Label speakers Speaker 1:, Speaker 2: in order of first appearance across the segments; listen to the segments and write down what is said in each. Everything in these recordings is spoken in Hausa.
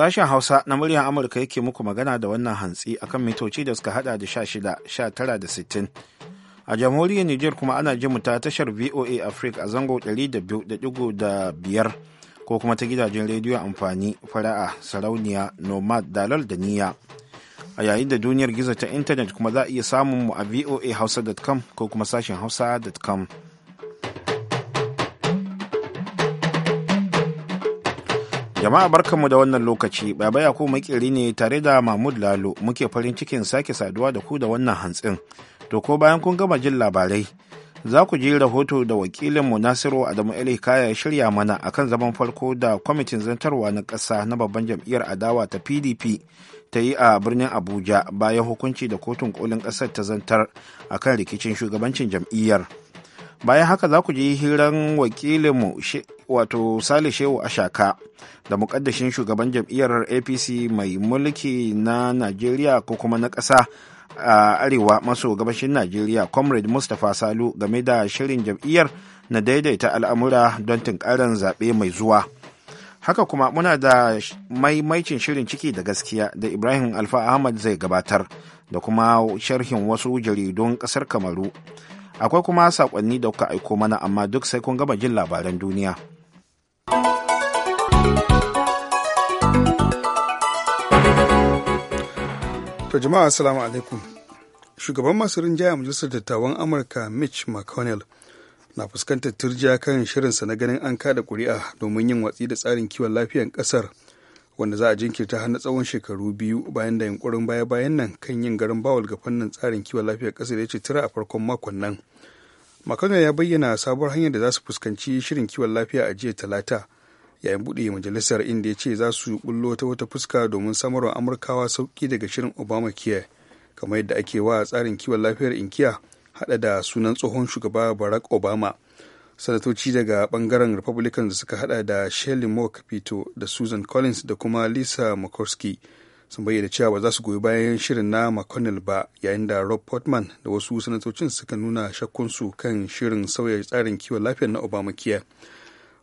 Speaker 1: Sashen Hausa na muryar Amurka yake muku magana da wannan hantsi kan mitoci da suka hada da sha shida sha tara da sittin A jamhuriyar Nijar kuma ana jin ta tashar VOA Africa a zango da da da biyu biyar ko kuma ta gidajen rediyo amfani fara'a sarauniya nomad dalal da niyya. A yayin da duniyar gizo ta intanet kuma za a iya samun mu a voahausa.com ko kuma sashen hausa.com. Jama'a barkanmu da wannan lokaci, Baba Yakubu makiri ne tare da Mahmud Lalo muke farin cikin sake saduwa da ku da wannan hantsin. To ko bayan kun gama jin labarai, za ku ji rahoto da wakilinmu Nasiru Adamu Ali Kaya ya shirya mana akan zaman farko da kwamitin zantarwa na ƙasa na babban jam'iyyar adawa ta PDP ta yi a birnin Abuja bayan hukunci da kotun kolin ƙasar ta zantar akan rikicin shugabancin jam'iyyar. bayan haka za ku ji hiran wakilinmu wato sale shehu ashaka da mukaddashin shugaban jam'iyyar apc mai mulki na najeriya ko kuma na ƙasa a arewa maso gabashin najeriya comrade mustapha salu game da shirin jam'iyyar na daidaita al'amura don tunkarar zaɓe mai zuwa haka kuma muna da maimaicin shirin ciki da gaskiya da ibrahim alfa ahmad zai gabatar da kuma sharhin wasu jaridun ƙasar kamaru akwai kuma saƙonni da kuka aiko mana amma duk sai kun gama jin labaran duniya.
Speaker 2: ta jama'a assalamu alaikum. Shugaban masu rinjaya majalisar dattawan Amurka Mitch McConnell na fuskantar turjiya kan shirinsa na ganin an kada kuri'a domin yin watsi da tsarin kiwon lafiyan kasar wanda za a jinkirta har na tsawon shekaru biyu bayan da yunkurin baya-bayan nan kan yin garin bawal ga fannin tsarin kiwon lafiyar da ya ce tura a farkon makon nan makano ya bayyana sabuwar hanyar da za su fuskanci shirin kiwon lafiya a jiya talata yayin buɗe majalisar inda ya ce za su bullo ta wata fuska domin samarwa amurkawa sauki daga shirin obama obamacare kamar yadda ake wa tsarin kiwon lafiyar inkiya haɗa da sunan tsohon shugaba barack obama sanatoci daga bangaren republican da suka hada da shirley mock da susan collins da kuma lisa mccorsky sun bayyana cewa ba za su goyi bayan shirin na mcconnell ba yayin da rob portman da wasu sanatocin suka nuna shakkunsu kan shirin sauya tsarin kiwon lafiya na obamacare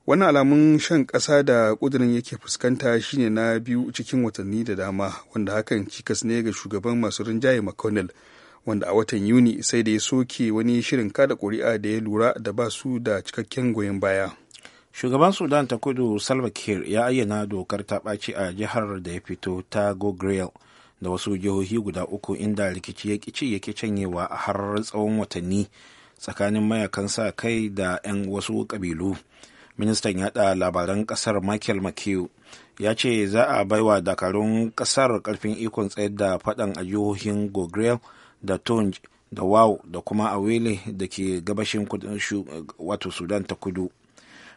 Speaker 2: wani alamun shan ƙasa da ƙudurin yake fuskanta shine na biyu cikin watanni da dama wanda hakan cikas ne ga shugaban masu rinjaye mcconnell wanda a watan yuni sai da ya soke wani shirin kada kuri'a da ya lura da ba su da cikakken goyon baya shugaban sudan ta kudu
Speaker 1: salva kiir ya ayyana dokar ta ɓaci a jihar da ya fito ta gogrel da wasu jihohi guda uku inda rikici ya ƙici yake canyewa a har tsawon watanni tsakanin mayakan sa kai da 'yan wasu ƙabilu ministan yada labaran kasar michael mchugh ya ce za a baiwa dakarun kasar karfin ikon tsayar da faɗan a jihohin gogrel da tong da wow da kuma awele da ke gabashin wato sudan ta kudu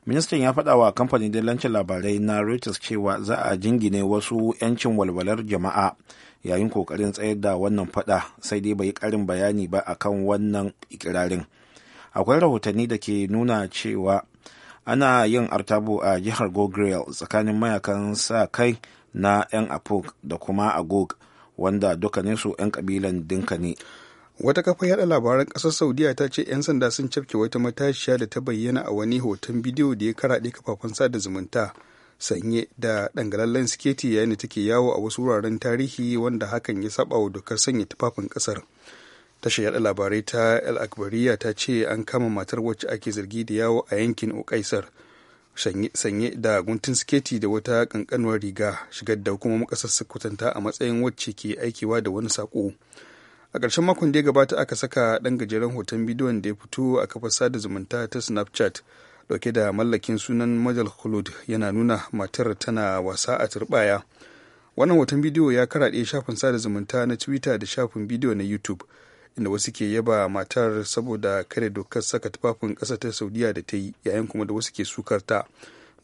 Speaker 1: ministan ya faɗa wa kamfanin dillancin labarai na reuters cewa za a jingine wasu 'yancin walwalar jama'a yayin kokarin tsayar da wannan faɗa sai dai bai karin bayani ba akan wannan ikirarin akwai rahotanni da ke nuna cewa ana yin artabo a jihar gogrel tsakanin mayakan sa kai na 'yan apok da kuma agog wanda
Speaker 2: su 'yan kabilan dinka ne wata kafa yada labaran kasar saudiya ta ce 'yan sanda sun cafke wata matashiya da ta bayyana a wani hoton bidiyo da ya karaɗe kafafen sada zumunta sanye da dangalallen siketi yayin da take yawo a wasu wuraren tarihi wanda hakan ya saba wa dokar sanya tufafin kasar tashar yada labarai ta el akbariya ta ce an kama matar wacce ake zargi da yawo a yankin ukaisar sanye da guntun siketi da wata kankanuwar riga shigar da hukumomin kasar su kwatanta a matsayin wacce ke aikewa da wani sako a ƙarshen makon da ya gabata aka saka ɗan gajeren hoton bidiyon da ya fito a kafar sada zumunta ta snapchat dauke da mallakin sunan majal khulud yana nuna matar tana wasa a turbaya wannan hoton bidiyo ya karaɗe shafin sada zumunta na twitter da shafin bidiyo na youtube inda wasu ke yaba matar saboda kare dokar saka tufafin ƙasa ta saudiya da ta yi yayin kuma da wasu ke sukar ta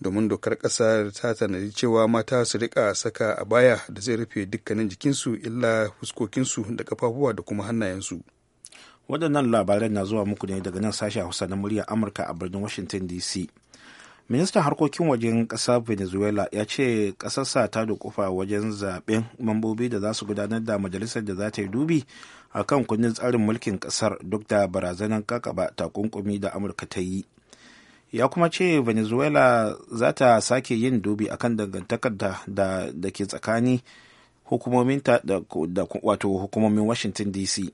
Speaker 2: domin dokar ƙasar ta tanadi cewa mata su rika saka a baya da zai rufe dukkanin jikinsu illa fuskokinsu da kafafuwa da kuma hannayensu waɗannan labaran na zuwa muku ne daga
Speaker 1: nan sashen hausa na muryar amurka a birnin washington dc ministan harkokin wajen ƙasar venezuela ya ce ƙasarsa ta dukufa wajen zaɓen mambobi da za su gudanar da majalisar da za ta yi dubi a kan kundin tsarin mulkin ƙasar duk da barazanar kakaba takunkumi da amurka ta yi ya kuma ce venezuela za ta sake yin dubi akan dangantakar da, da, da ke tsakani hukumomin wato hukumomin washington dc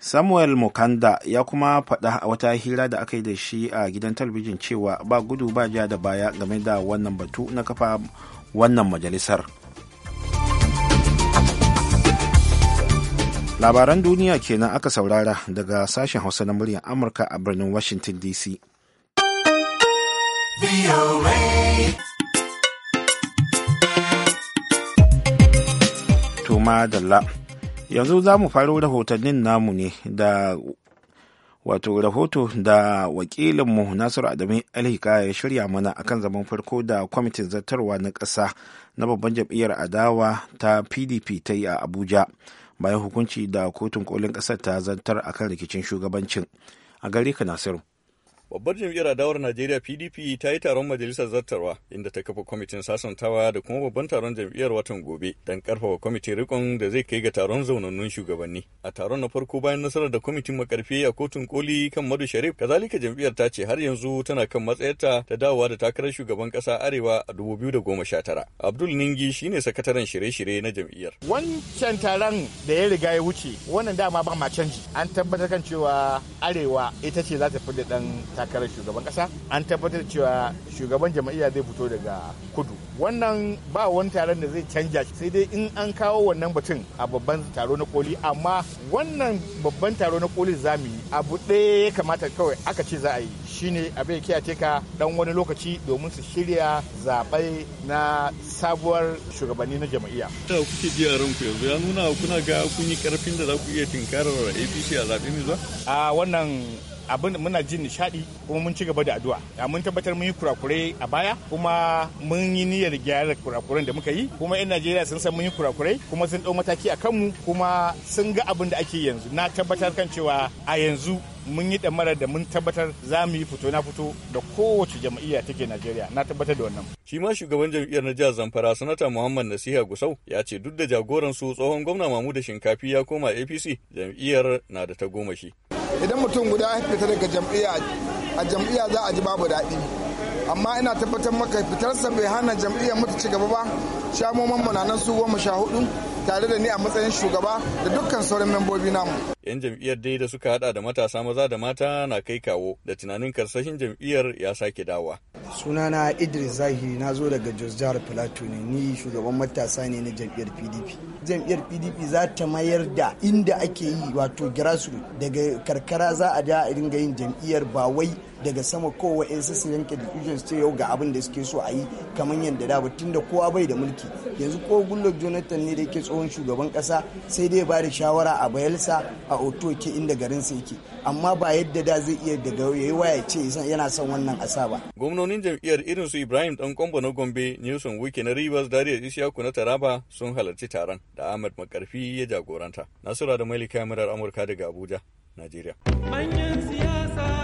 Speaker 1: samuel mukanda ya kuma faɗa a wata hira da aka yi da shi a gidan talabijin cewa ba gudu ba ja da baya game da wannan batu na kafa wannan majalisar labaran duniya kenan aka saurara daga sashen hausa na muryar amurka a birnin washington dc to madalla yanzu za mu faro rahotannin namu ne da wato rahoto da wakilinmu nasiru adamu alhika ya shirya mana akan zaman farko da kwamitin zartarwa na ƙasa na babban jam'iyyar adawa ta pdp ta yi a abuja bayan hukunci da kotun kolin ƙasar ta zartar akan rikicin shugabancin a gare ka nasiru
Speaker 3: Babbar jam'iyyar adawar Najeriya PDP ta yi taron majalisar zartarwa inda ta kafa kwamitin sasantawa da kuma babban taron jam'iyyar watan gobe don karfafa kwamitin rikon da zai kai ga taron zaunannun shugabanni. A taron na farko bayan nasarar da kwamitin makarfi a kotun koli kan Madu Sharif, kazalika jam'iyyar ta ce har yanzu tana kan matsayarta ta dawowa da takarar shugaban kasa Arewa a dubu da tara. Abdul Ningi shine sakataren shirye-shirye na jam'iyyar.
Speaker 4: Wancan taron da ya riga ya wuce, wannan dama ba ma canji. An tabbatar kan cewa Arewa ita ce za ta fi da ɗan takarar shugaban kasa an tabbatar cewa shugaban jam'iyya zai fito daga kudu wannan ba wani taron da zai canja sai dai in an kawo wannan batun a babban taro na koli amma wannan babban taro na koli zamu yi abu ɗaya ya kamata kawai aka ce za a yi shine abin ya kiyace ka dan wani lokaci domin su shirya zaɓe na sabuwar shugabanni na jam'iyya. Ta
Speaker 3: kuke ji a ranku yanzu ya nuna
Speaker 4: kuna ga kun yi karfin da za ku iya tinkarar APC a zaɓe mai zuwa? A wannan abin muna jin nishadi kuma mun ci gaba da addu'a mun tabbatar mun yi kurakurai a baya kuma mun yi niyyar gyara kurakuran da muka yi kuma yan Najeriya sun san mun yi kurakurai kuma sun dau mataki a kanmu kuma sun ga abin da ake yanzu na tabbatar kan cewa a yanzu mun yi damarar da mun tabbatar za mu yi fito na fito da kowace jam'iyya take Najeriya na tabbatar da wannan.
Speaker 3: Shi ma shugaban jam'iyyar na jihar Zamfara sanata Muhammad Nasiha Gusau ya ce duk da jagoransu tsohon gwamna da Shinkafi ya koma APC jam'iyyar na da ta goma
Speaker 4: idan mutum guda ya fita daga jam'iyya a jam'iyya za a ji babu daɗi amma ina tabbatar maka fitarsa bai hana jam'iyyar mu ci gaba ba shamoman mu na nan su goma sha hudu tare da ni a matsayin shugaba da dukkan sauran membobi namu
Speaker 3: 'Yan jam'iyyar dai da suka hada da matasa maza da mata na kai kawo da tunanin karsashin jam'iyyar ya sake dawa.
Speaker 4: Sunana Idris Zahiri
Speaker 5: na zo daga Jos Jihar Plateau ne ni shugaban matasa ne na jam'iyyar PDP. Jam'iyyar PDP za ta mayar da inda ake yi wato girasu daga karkara za a da a dinga yin jam'iyyar ba wai daga sama kowa in su yanke decision su yau ga abin da suke so a yi kamar yadda da tun da kowa bai da mulki yanzu ko gullo jonathan ne da yake tsohon shugaban kasa sai dai ba da shawara a bayelsa a oto yake inda garin garinsa yake amma ba yadda da zai iya daga yayi waya ce yana son wannan asa ba
Speaker 3: gwamnonin jam'iyyar irin su Ibrahim dan Kombo na Gombe Nelson Wike na Rivers Dariya Isiyaku na Taraba sun halarci taron da Ahmad Makarfi ya jagoranta Nasura da Malika kamarar Amurka daga Abuja Najeriya
Speaker 6: manyan siyasa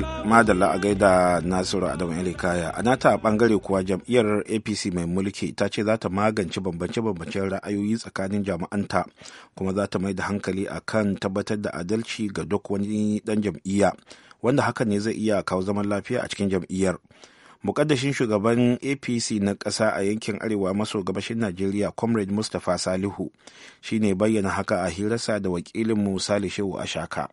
Speaker 1: madalla a gaida nasiru adamu kaya a nata bangare kuwa jam'iyyar apc mai mulki ta ce za ta magance bambance-bambancen ra'ayoyi tsakanin jama'anta kuma za ta mai da hankali a kan tabbatar da adalci ga duk wani dan jam'iyya wanda hakan ne zai iya kawo zaman lafiya a cikin jam'iyyar mukaddashin shugaban apc na ƙasa a yankin arewa maso gabashin najeriya comrade mustapha salihu shine bayyana haka a hirarsa da wakilin mu salishewu shaka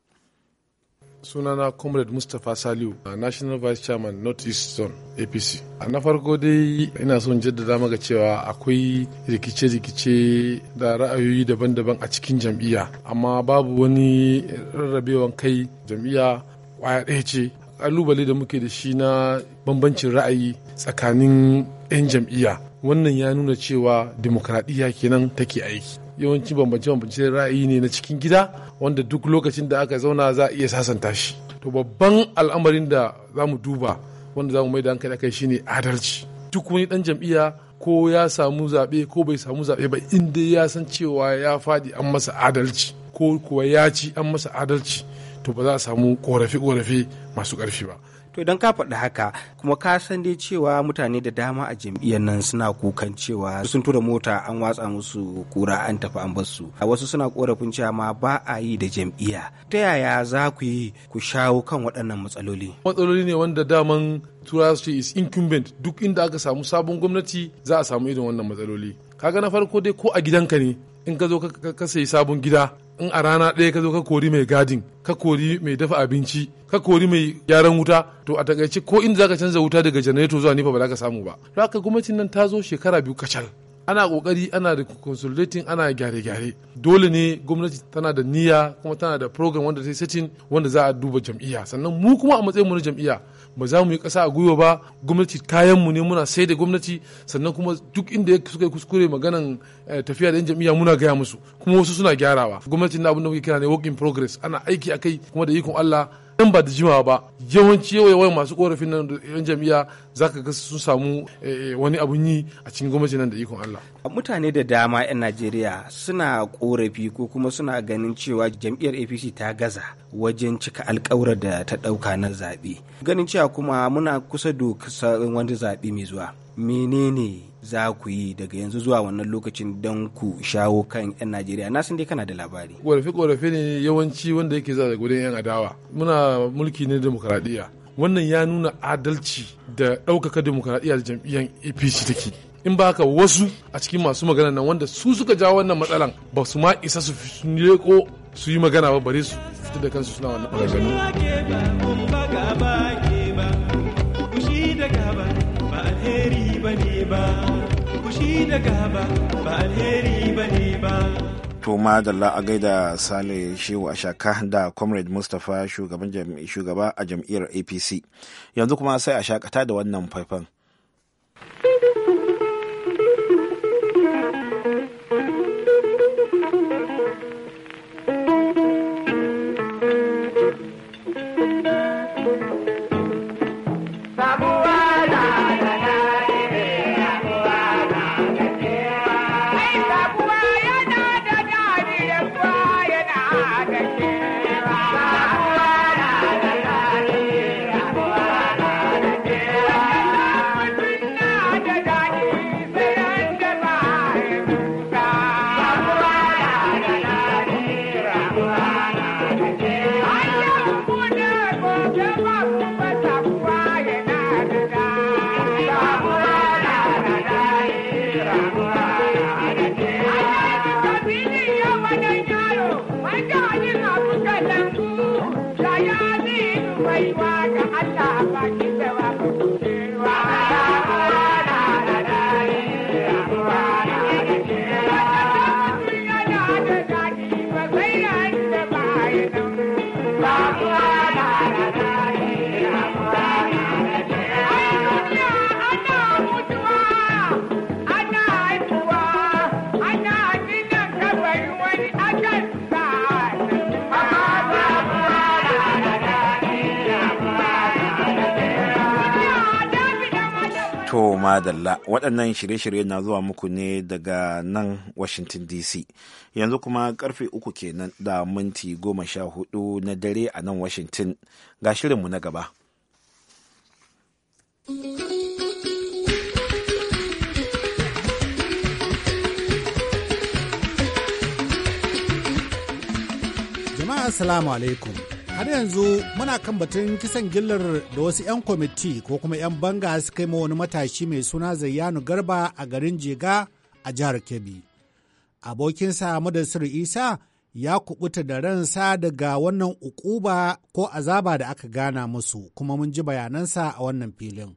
Speaker 6: sunana comrade mustapha saliu national vice chairman north east zone apc a na farko dai ina son jaddada maka cewa akwai rikice-rikice da ra'ayoyi daban-daban a cikin jam'iyya amma babu wani rarrabewan kai jam'iyya kwaya ɗaya ce kalubale da muke da shi na bambancin ra'ayi tsakanin 'yan jam'iyya wannan ya nuna cewa dimokuraɗiyya kenan take aiki yawanci bambance-bambance ra'ayi ne na cikin gida wanda duk lokacin da aka zauna za a iya sasanta shi to babban al'amarin da za mu duba wanda za mu mai da hankali akai shine adalci duk wani dan jam'iyya ko ya samu zaɓe ko bai samu zaɓe ba in dai ya san cewa ya faɗi an masa adalci ko kuwa ya ci an masa adalci to ba za a samu korafe-korafe masu ƙarfi ba to idan ka faɗi haka kuma ka san dai cewa mutane
Speaker 7: da dama a jam'iyyar nan suna kukan cewa sun tura mota an watsa musu kura an tafi an bar su wasu suna korafin cewa ma ba a yi da jam'iyya ta yaya za ku yi ku
Speaker 6: shawo kan
Speaker 7: waɗannan matsaloli
Speaker 6: matsaloli ne wanda daman tura su is incumbent duk inda aka samu sabon gwamnati za a samu irin wannan matsaloli kaga na farko dai ko a gidanka ne in ka zo ka sayi sabon gida in a rana ɗaya ka zo ka kori mai gadin ka kori mai dafa abinci ka kori mai gyaran wuta to a takaice ko inda zaka canza wuta daga janareto zuwa nifa ba za ka samu ba to haka gwamnatin nan ta zo shekara biyu kacal ana kokari ana da consolidating ana gyare-gyare dole ne gwamnati tana da niyya kuma tana da program wanda ta setting wanda za a duba jam'iyya sannan mu kuma a matsayin mu na jam'iyya ba za mu yi ƙasa a gwiwa ba gwamnati kayan mu ne muna sai da gwamnati sannan kuma duk inda suka yi kuskure maganan eh, tafiya da yan jami'a muna gaya musu kuma wasu suna gyarawa gwamnati na abin da muke kira ne work in progress ana aiki a kai kuma da ikon Allah nan ba da jima ba yawanci yawan masu korafin nan da yan jami'a za ka ga sun samu eh, eh, wani abun yi a cikin gwamnati nan da ikon Allah. Mutane da dama 'yan Najeriya suna
Speaker 7: korafi ko kuma suna ganin cewa jam'iyyar APC ta gaza wajen cika alkawura da ta ɗauka na zaɓe. Ganin cewa kuma muna kusa dokar wani zaɓe mai zuwa. Menene za ku yi daga yanzu zuwa wannan lokacin don ku shawo kan 'yan
Speaker 6: najeriya na san dai kana da labari ƙorafe-ƙorafe ne yawanci wanda yake za da gudun 'yan adawa muna mulki ne demokaradiyya wannan ya nuna adalci da ɗaukaka demokaradiyya da jam'iyyar apc take in ba haka wasu a cikin masu magana nan wanda su suka jawo wannan matsalan ba su ma isa su leko su yi magana ba bare su fita da kansu suna wannan
Speaker 1: ɓangare. ne ba da gaba ba alheri ba ne ba a gaida sale shehu ashaka da comrade mustapha shugaba a jam'iyyar apc yanzu kuma sai a shakata da wannan faifan madalla waɗannan shirye-shirye na zuwa muku ne daga nan washington dc yanzu kuma karfe uku kenan da minti goma sha hudu na dare a nan washington ga shirinmu na gaba
Speaker 7: jama'a assalamu alaikum har yanzu muna kan batun kisan gillar da wasu 'yan kwamiti ko kuma 'yan banga su kai ma wani matashi mai suna zayyanu garba a garin jega a jihar kebbi abokinsa madasir isa ya kubuta da ransa daga wannan ukuba ko azaba da aka gana musu kuma mun ji bayanansa a wannan filin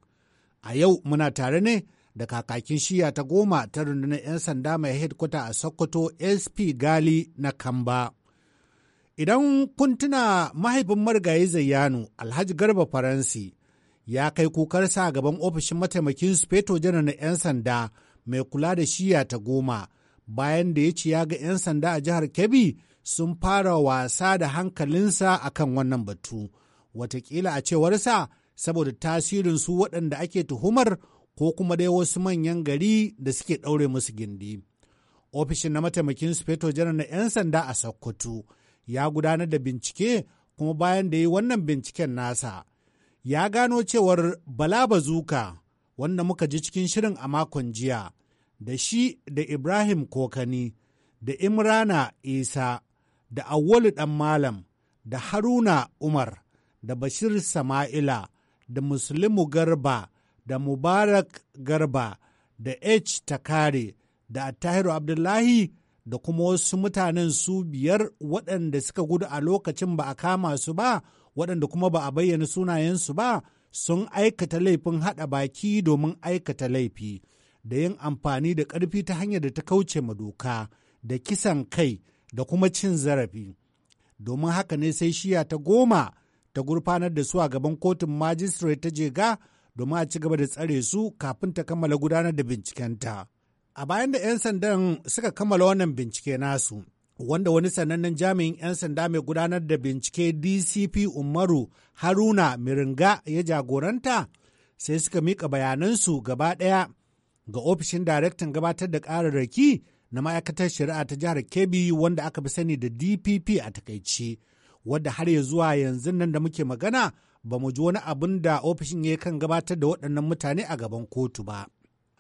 Speaker 7: a yau muna tare ne da kakakin shiya ta goma ta rundunar 'yan sanda mai hedkwata a sokoto sp gali na kamba Idan kun tuna mahaifin marigayi Zayyano Alhaji Garba Faransi ya kai kukarsa a gaban ofishin mataimakin Sufeto janar na 'yan sanda mai kula da shiya ta goma bayan da ya ce ya ga 'yan sanda a jihar Kebbi sun fara wasa da hankalinsa a kan wannan batu. Watakila a cewarsa saboda tasirin su waɗanda ake tuhumar ko kuma dai wasu manyan gari da suke ɗaure musu gindi. Ofishin na mataimakin Sufeto janar na 'yan sanda a Sokoto ya gudanar da bincike kuma bayan da yi wannan binciken nasa ya gano cewar bala bazuka wanda muka ji cikin shirin a makon jiya da shi da ibrahim kokani da imrana isa da awwalu dan malam da haruna umar da bashir sama'ila da muslimu garba da mubarak garba da h takare da attahiru abdullahi da kuma wasu mutanen su biyar waɗanda suka gudu a lokacin ba a kama su ba waɗanda kuma ba a bayyana sunayensu ba sun aikata laifin haɗa baki domin aikata laifi da yin amfani da ƙarfi ta hanyar da ta kauce ma doka da kisan kai da kuma cin zarafi domin haka ne sai shiya ta goma ta gurfanar da su a gaban kotun majistare ta jega domin a ci gaba da tsare su kafin ta kammala gudanar da bincikenta. A bayan da 'yan sandan suka kammala wannan bincike nasu, wanda wani sanannen jami'in 'yan sanda mai gudanar da bincike DCP Umaru Haruna Miringa ya jagoranta, sai suka mika bayanansu gaba ɗaya ga ofishin daraktan gabatar da kararraki na ma'aikatar shari'a ta jihar Kebbi wanda aka fi sani da DPP a takaici, wadda har ya zuwa yanzu nan da muke magana ba mu ji wani abin da ofishin ya kan gabatar da waɗannan mutane a gaban kotu ba.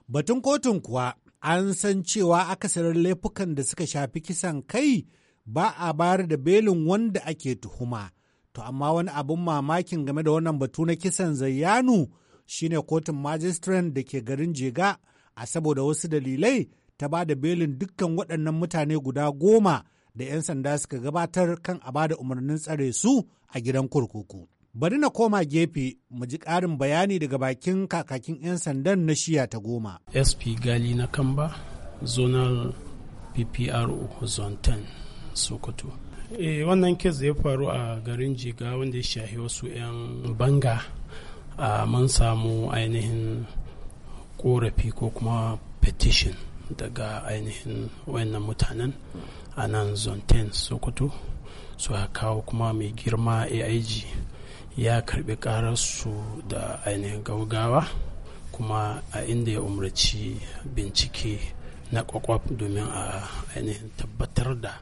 Speaker 7: Batun kotun kuwa an san cewa akasarin laifukan da suka shafi kisan kai ba a bayar da belin wanda ake tuhuma. To amma wani abin mamakin game da wannan batu na kisan zayyanu shine kotun majistren da ke garin Jega a saboda wasu dalilai ta ba da belin dukkan waɗannan mutane guda goma da 'yan sanda suka gabatar kan a ba da umarnin tsare su a gidan kurkuku. Bari na koma gefe mu ji ƙarin bayani daga bakin kakakin 'yan sandan na shiya
Speaker 8: ta goma. SP Gali na Kamba, Zonal PPRO Zone 10, Sokoto. E, wannan kes da ya faru a garin Jiga wanda ya shahi wasu 'yan banga a man samu ainihin korafi ko kuma petition daga ainihin wayannan mutanen a nan Zone 10, Sokoto. su kawo kuma mai girma AIG. ya karbi su da ainihin gaugawa kuma a inda ya umarci bincike na kwakwaf domin a ainihin tabbatar da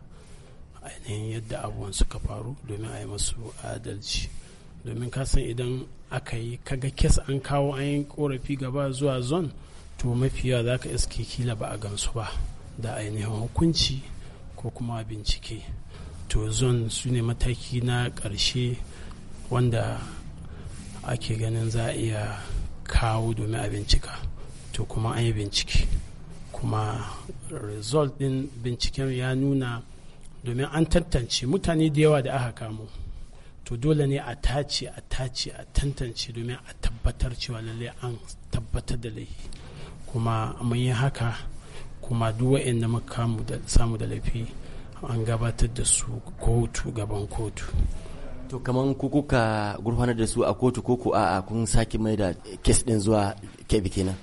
Speaker 8: ainihin yadda abubuwan suka faru domin a yi masu adalci domin kasan idan aka yi kaga kes an kawo an yi korafi gaba zuwa zon to mafiya za ka iske kila ba a gamsu ba da ainihin hukunci ko kuma bincike to zon su ne mataki na ƙarshe wanda ake ganin za a iya kawo domin a bincika to kuma an yi bincike kuma result din binciken ya nuna domin an tantance mutane da yawa da aka kamo to dole ne a tace a tace a tantance domin a tabbatar cewa lallai an tabbatar da laifi kuma mun yi haka kuma duk waɗanda muka samu da laifi an gabatar da su kotu gaban kotu
Speaker 9: to kaman ku kuka gurfanar da su a kotu ko ku a'a kun sake mai da kes din zuwa kebi kenan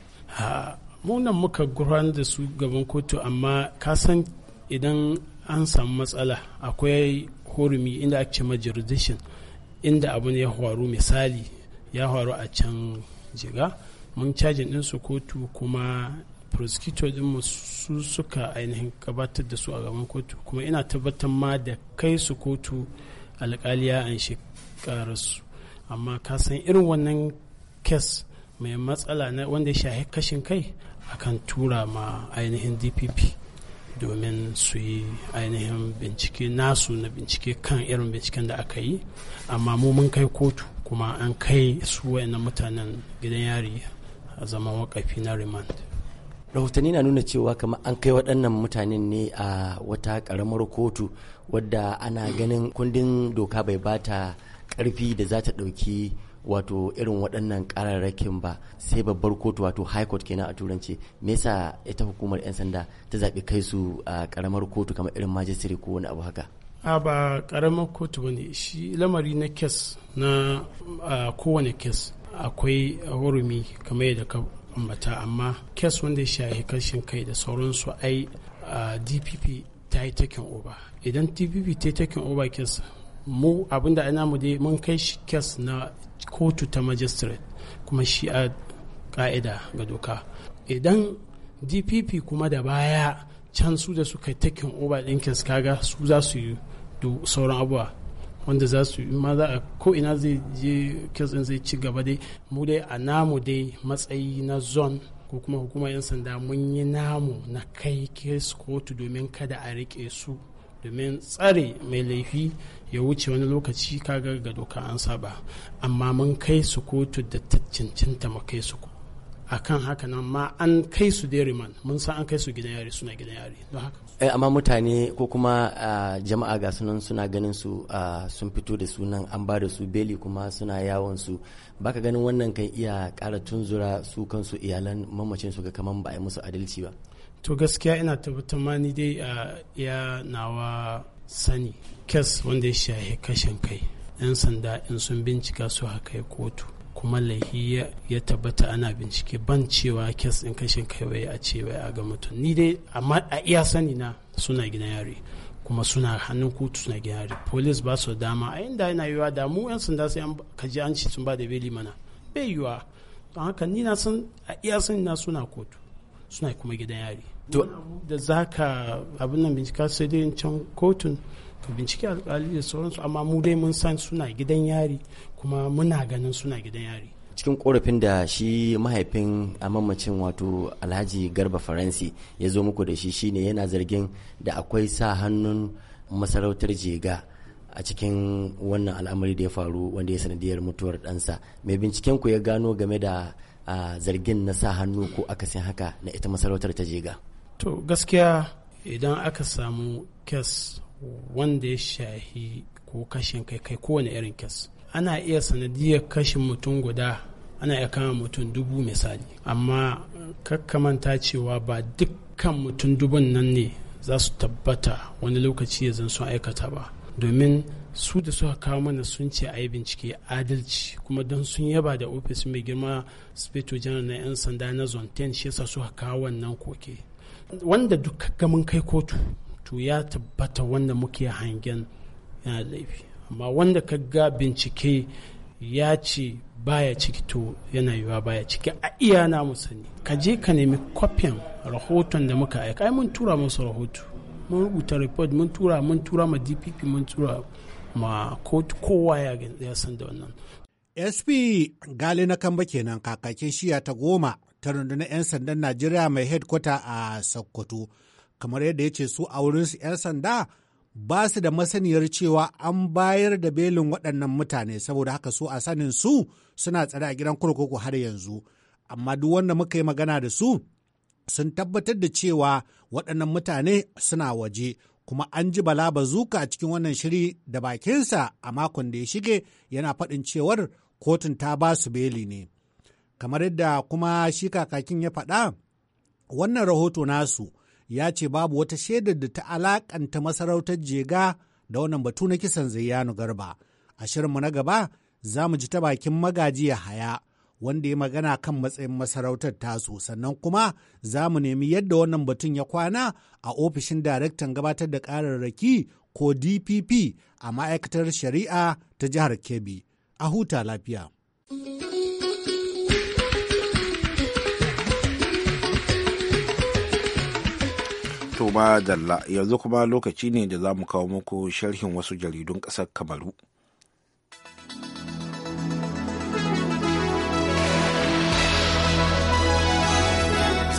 Speaker 8: mu nan muka gurfanar da su gaban kotu amma ka san idan an samu matsala akwai horumi inda ake ce jurisdiction inda abu ne ya faru misali ya faru a can jiga mun cajin din su kotu kuma prosecutor din su suka ainihin gabatar da su a gaban kotu kuma ina tabbatar ma da kai su kotu alkali ya an shi karasu amma ka san irin wannan kes mai matsala na wanda shahe kashin kai akan tura ma ainihin dpp domin su yi ainihin bincike nasu na bincike kan irin binciken da aka yi amma mu mun kai kotu kuma an kai su wayannan mutanen gidan yari a zaman wakafi na remand
Speaker 9: rahotanni na nuna cewa kamar an kai waɗannan mutanen ne a wata ƙaramar kotu wadda ana ganin kundin doka bai bata ƙarfi da za ta ɗauki wato irin waɗannan ƙararrakin ba sai babbar kotu wato high court kenan a turanci me yasa ita hukumar 'yan sanda ta zaɓi kai su a ƙaramar kotu kamar irin majistare ko wani abu haka
Speaker 8: a ba ƙaramar kotu ba ne shi lamari na kes na kowane kes akwai hurumi kamar yadda ambata amma kes wanda ya shahi kashin kai da sauransu ai dpp ta yi takin oba idan dpp ta yi takin oba kes mu abinda ana mu dai mun kai shi kes na kotu ta magistrate kuma shi a ka'ida ga doka idan dpp kuma da baya can su da suka takin oba ɗin kes kaga su za su yi sauran abubuwa wanda za su ma za a ko ina zai je kitsin zai ci gaba dai mu dai a namu dai matsayi na zon ko kuma hukumar 'yan sanda mun yi namu na kai kes kotu domin kada a rike su domin tsare mai laifi ya wuce wani lokaci kaga ga doka an saba amma mun kai su kotu da ta cancanta mu kai su a kan haka nan ma an kai su deriman mun san an kai su gidan yari suna gidan yari don haka
Speaker 9: eh amma mutane ko kuma jama'a ga sunan suna ganin su sun fito da sunan an ba da su beli kuma suna yawon su baka ganin wannan kan iya kara tunzura su kansu iyalan mamacin su ga kaman ba a musu adalci ba
Speaker 8: to gaskiya ina tabbatar ma ni dai ya nawa sani kes wanda ya shahe kashin kai 'yan sanda in sun bincika su haka kotu kuma lahi ya tabbata ana bincike ban cewa kes in kashin kai a ce a ga mutum ni dai amma a iya sani na suna gina yari kuma suna hannun kotu suna gina yari polis ba su dama a inda yana yiwa da mu yan sanda sai an kaji an ci sun ba da beli mana bai yiwa don haka ni na san a iya sani na suna kotu suna kuma gidan yari da zaka abin nan bincika sai dai can kotun to bincike alkali da sauransu amma mu dai mun san suna gidan yari kuma muna ganin suna gidan yari
Speaker 9: cikin korafin da shi mahaifin mamacin wato alhaji garba faransi ya zo muku da shi shine yana zargin da akwai sa hannun masarautar jega a cikin wannan al'amari da ya faru wanda ya sanadiyar mutuwar ɗansa mai binciken ku ya gano game da zargin na sa hannu ko akasin haka na ita masarautar ta jega
Speaker 8: to gaskiya idan aka samu kes wanda ya shahi ko kashin kai kai kowane irin kes ana iya sanadiyar kashin mutum guda ana iya kama mutum dubu misali amma kakkamanta cewa ba dukkan mutum dubun nan ne za su tabbata wani lokaci ya zan sun aikata ba domin su da suka kawo mana sun ce a yi bincike adalci kuma don sun yaba da ofis mai girma speto janar na 'yan sanda na zonten shi yasa suka kawo wannan koke wanda duk kai kotu to ya tabbata wanda muke hangen yana laifi amma wanda ka ga bincike ya ce baya ciki to yana yiwa baya ciki a iya na mu sani ka je ka nemi kwafin rahoton da muka aika ai mun tura musu rahoto mun rubuta report mun tura mun tura ma dpp mun tura ma kotu kowa ya san da wannan
Speaker 7: sp gali na kamba kenan kakakin shiya ta goma ta rundunar 'yan sandan najeriya mai headquarter a sokoto kamar yadda ya ce su a su 'yan sanda ba su da masaniyar cewa an bayar da belin waɗannan mutane saboda haka su a sanin su suna tsare a gidan kurkuku har yanzu amma duk wanda muka yi magana da su sun tabbatar da cewa waɗannan mutane suna waje kuma an ji bala bazuka a cikin wannan shiri da bakinsa a makon da ya shige yana faɗin cewar kotun ta ba su beli ne kamar yadda kuma shi kakakin ya faɗa wannan rahoto nasu ya ce babu wata shaidar da ta alakanta masarautar jega da wannan batu na kisan zayyanu garba a shirinmu na gaba za mu ji ta bakin magaji ya haya wanda ya magana kan matsayin masarautar tasu sannan kuma za mu nemi yadda wannan batun ya kwana a ofishin daraktan gabatar da ƙararraki ko dpp a ma'aikatar shari'a ta jihar kebbi a huta lafiya.
Speaker 1: To ma dalla yanzu kuma lokaci ne da za mu kawo muku sharhin wasu jaridun ƙasar Kamaru.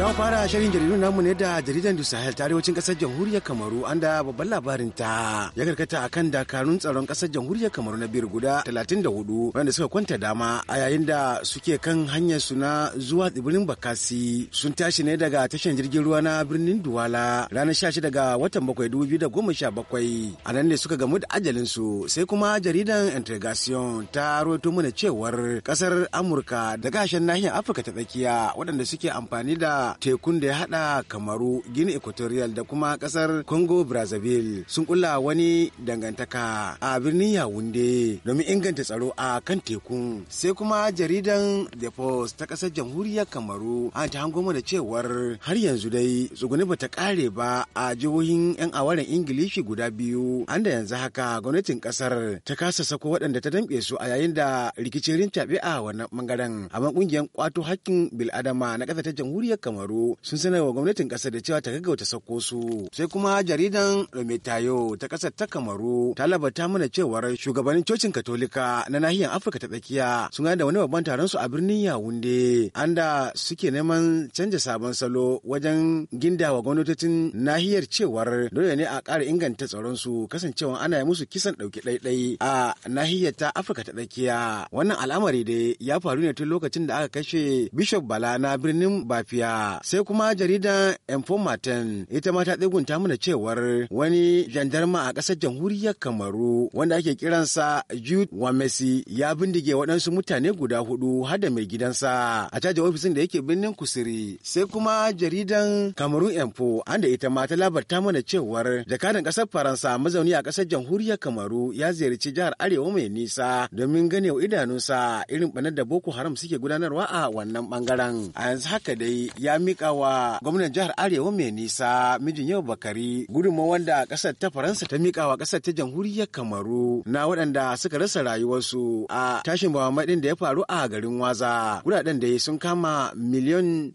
Speaker 5: Za mu fara shirin jaridu namu ne da jaridan Du Sahel arewacin kasar jamhuriyar Kamaru an da babban labarin ta ya karkata a kan dakarun tsaron kasar jamhuriyar Kamaru na biyar guda hudu. wanda suka kwanta dama a yayin da suke kan hanyar su na zuwa tsibirin Bakasi sun tashi ne daga tashar jirgin ruwa na birnin Duwala ranar 16 ga watan bakwai 7 bakwai. a nan ne suka gamu da ajalin su sai kuma jaridan Integration ta rawaito mana cewar kasar Amurka da gashen nahiyar Afirka ta tsakiya waɗanda suke amfani da tekun da ya hada kamaru guinea equatorial da kuma kasar congo brazzaville sun kula wani dangantaka a birnin yawunde domin inganta tsaro a kan tekun sai kuma jaridan the post ta kasar jamhuriyar kamaru an ta hango da cewar har yanzu dai tsuguni bata kare ba a jihohin yan awaren ingilishi guda biyu an da yanzu haka gwamnatin kasar ta kasa sako waɗanda ta damƙe su a yayin da rikicin rintaɓe a wannan bangaren amma ƙungiyar ƙwato hakkin bil'adama na ƙasar ta jamhuriyar kamaru Kamaru sun sanar wa gwamnatin kasar da cewa ta gaggauta sako su. Sai kuma jaridan Rometayo ta kasar ta Kamaru ta labarta mana cewar shugabannin cocin Katolika na nahiyar Afirka ta tsakiya sun da wani babban taron su a birnin Yawunde anda suke neman canja sabon salo wajen ginda gindawa gwamnatocin nahiyar cewar dole ne a ƙara inganta tsaron su kasancewa ana yi musu kisan ɗauki ɗaiɗai a nahiyar ta Afirka ta tsakiya. Wannan al'amari dai ya faru ne tun lokacin da aka kashe Bishop Bala na birnin Bafiya. sai kuma jaridan Enfomaten ita ma ta tsegunta mana cewar wani jandarma a ƙasar jamhuriyar kamaru wanda ake kiransa jude wamesi ya bindige waɗansu mutane guda hudu har da mai gidansa a caji ofisin da yake birnin kusiri sai kuma jaridan kamaru an anda ita ma ta labarta mana cewar jakadan ƙasar faransa mazauni a ƙasar jamhuriyar kamaru ya ziyarci jihar arewa mai nisa domin gane wa idanunsa irin banar da boko haram suke gudanarwa a wannan bangaren a yanzu haka dai ya mika wa gwamnan jihar Arewa mai nisa mijin yau Bakari gudunmawar wanda kasar ta Faransa ta mika wa kasar ta jamhuriyar Kamaru na waɗanda suka rasa rayuwarsu a tashin bamamadin da ya faru a garin Waza. Kuɗaɗen da sun kama miliyan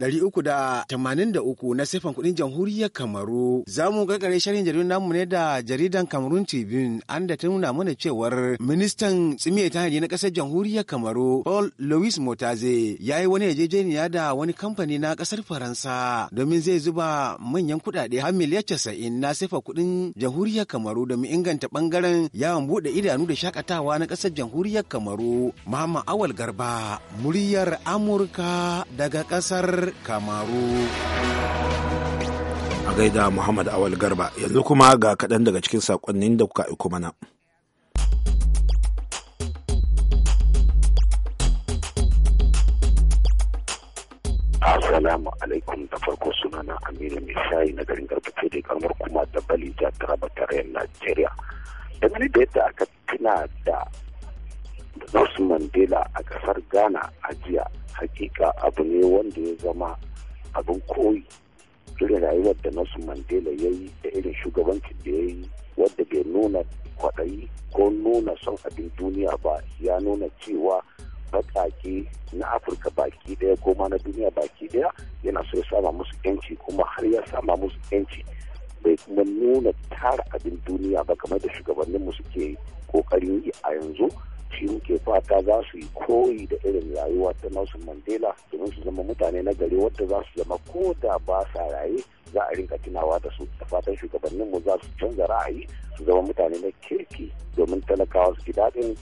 Speaker 5: uku na sifan kuɗin jamhuriyar Kamaru. Za mu kakare shirin jaridun namu ne da jaridan Kamarun Tribune an da ta nuna mana cewar ministan tsimiyar tanadi na kasar jamhuriyar Kamaru Paul Louis Motaze ya yi wani yarjejeniya da wani kamfani na kasar Faransa domin zai zuba manyan kuɗaɗe har miliyar casa'in na sifa kuɗin jamhuriyar Kamaru domin inganta ɓangaren yawon buɗe idanu da shakatawa na ƙasar jamhuriyar Kamaru. Mama Awal Garba, muryar Amurka daga ƙasar Kamaru.
Speaker 1: A gaida Muhammad Awal Garba yanzu kuma ga kaɗan daga cikin saƙonnin da kuka aiko mana.
Speaker 10: Assalamu alaikum da farko sunana Aminu Mai na garin Garbace da karamar kuma da Bali ta Taraba tarayyar Najeriya. Dangane da yadda aka tuna da Nelson Mandela a kasar Ghana a jiya hakika abu ne wanda ya zama abin koyi irin rayuwar da Nelson Mandela ya yi da irin shugabanci da ya yi wadda bai nuna kwaɗayi ko nuna son abin duniya ba ya nuna cewa baƙaƙe na afirka baki ɗaya ko ma na duniya baki ɗaya yana so ya sama musu yanci kuma har ya sama musu yanci bai kuma nuna tara abin duniya ba kamar da shugabannin mu suke kokarin yi a yanzu shi muke fata za su yi koyi da irin rayuwa ta Nelson Mandela domin su zama mutane na gari wadda za su zama ko da ba sa raye za a rinka tunawa da su da fatan shugabanninmu za su canza ra'ayi su zama mutane na kirki domin talakawa su ji daɗin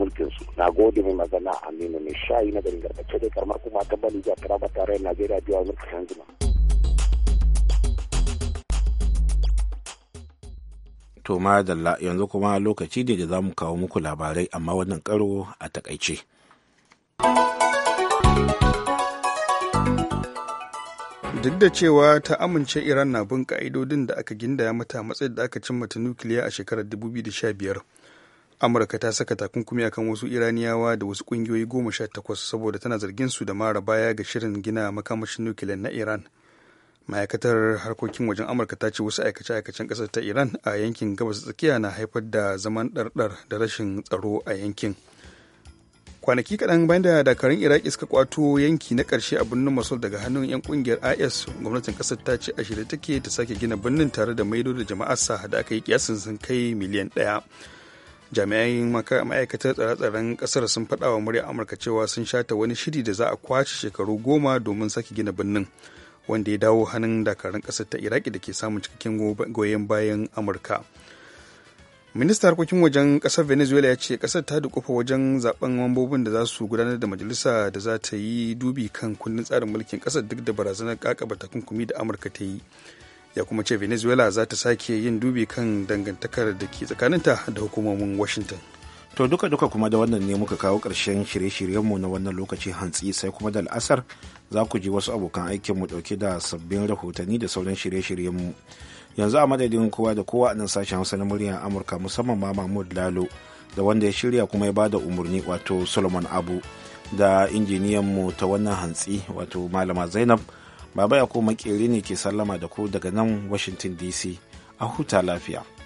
Speaker 10: mulkin na gode mai magana aminu mai shayi na garin garbace da karmar kuma ta bali zuwa taraba tarayyar najeriya biyu a mulkin yanzu
Speaker 1: to madalla yanzu kuma lokaci ne da za mu kawo muku labarai amma wannan karo a takaice
Speaker 2: duk da cewa ta amince iran na bin ka'idodin da aka gindaya mata matsayin da aka cimma ta nukiliya a shekarar 2015 amurka ta saka takunkumi akan wasu iraniyawa da wasu kungiyoyi goma sha takwas saboda tana zargin su da mara baya ga shirin gina makamashin nukiliya na iran ma'aikatar harkokin wajen amurka ta ce wasu aikace-aikacen ƙasar ta iran a yankin gabas tsakiya na haifar da zaman ɗarɗar da rashin tsaro a yankin kwanaki kaɗan bayan da dakarun iraki suka kwato yanki na ƙarshe a birnin masul daga hannun 'yan ƙungiyar is gwamnatin ƙasar ta ce a shirye take ta sake gina birnin tare da maido da jama'arsa da aka yi kiyasin sun kai miliyan ɗaya jami'an ma'aikatar tsare-tsaren kasar sun faɗa wa murya amurka cewa sun shata wani shiri da za a kwace shekaru goma domin sake gina birnin wanda ya dawo hannun dakarun kasar ta iraki da ke samun cikakken goyon bayan amurka minista harkokin wajen kasar venezuela ya ce kasar ta dukufa wajen zaben mambobin da za su gudanar da majalisa da za ta yi dubi kan kundin tsarin mulkin kasar duk da barazanar kakaba takunkumi da amurka ta yi ya kuma ce venezuela za ta sake yin dubi kan dangantakar da ke tsakaninta da hukumomin washington to duka duka kuma da wannan ne muka kawo ƙarshen
Speaker 1: shirye-shiryenmu na wannan lokaci hantsi sai kuma da al'asar za ku ji wasu abokan aikinmu ɗauke da sabbin rahotanni da sauran shirye-shiryenmu yanzu a madadin kowa da kowa a nan sashen hausa na muryar amurka musamman ma mahmud lalo da wanda ya shirya kuma ya bada umarni wato solomon abu da injiniyanmu ta wannan hantsi wato malama zainab Baba Yakubu Makeri ne ke sallama da ku daga nan Washington DC. A huta lafiya.